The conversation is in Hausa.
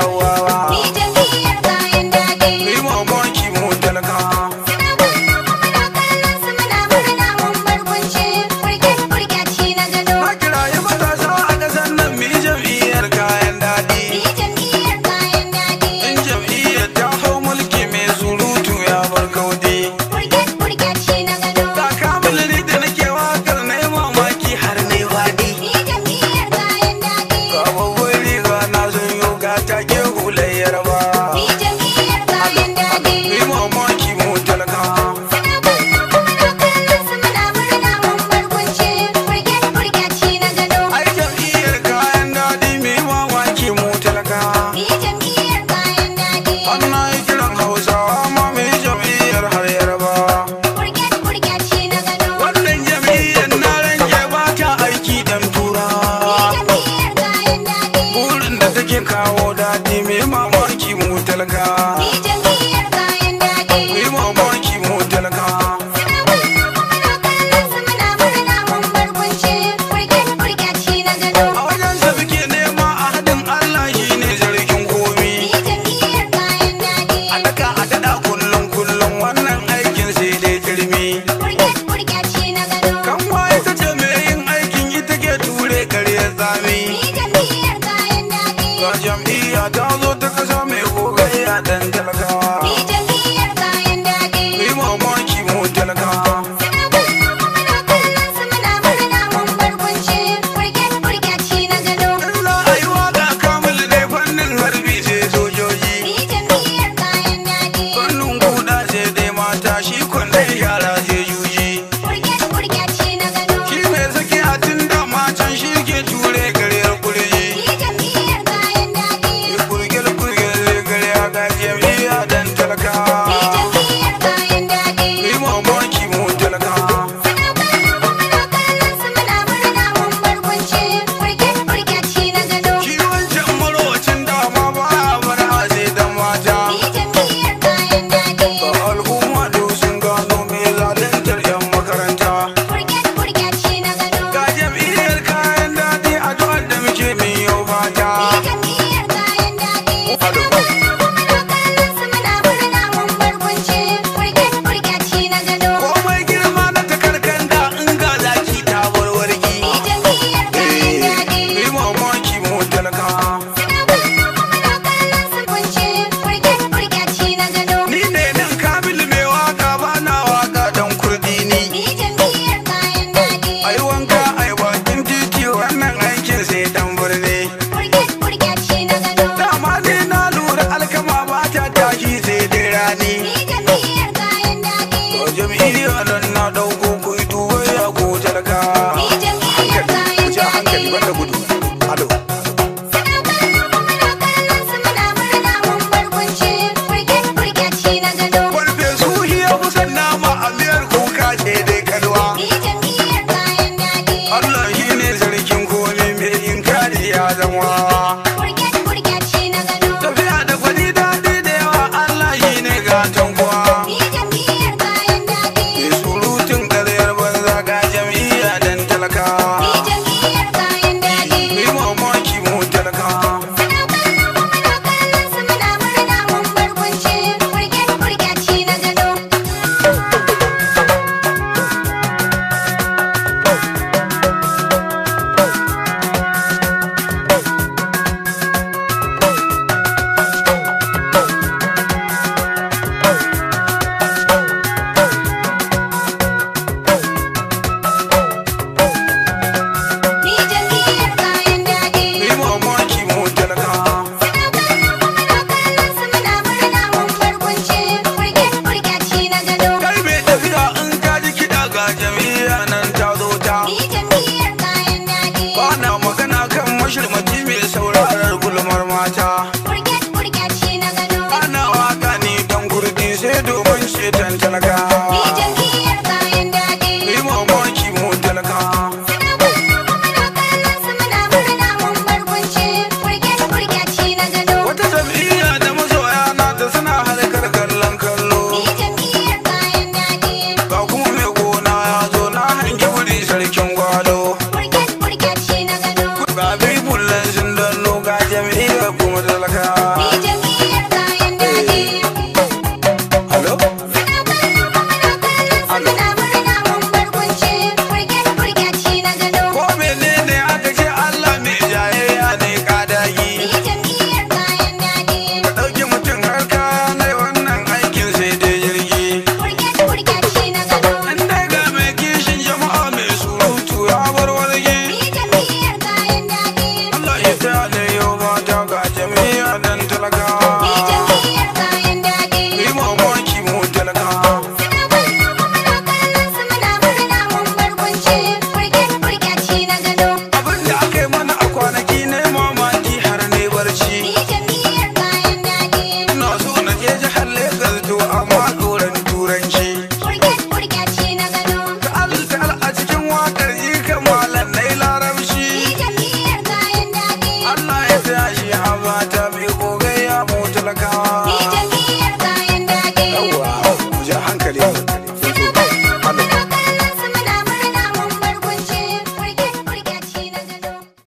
awawa. quero mais. tell a car.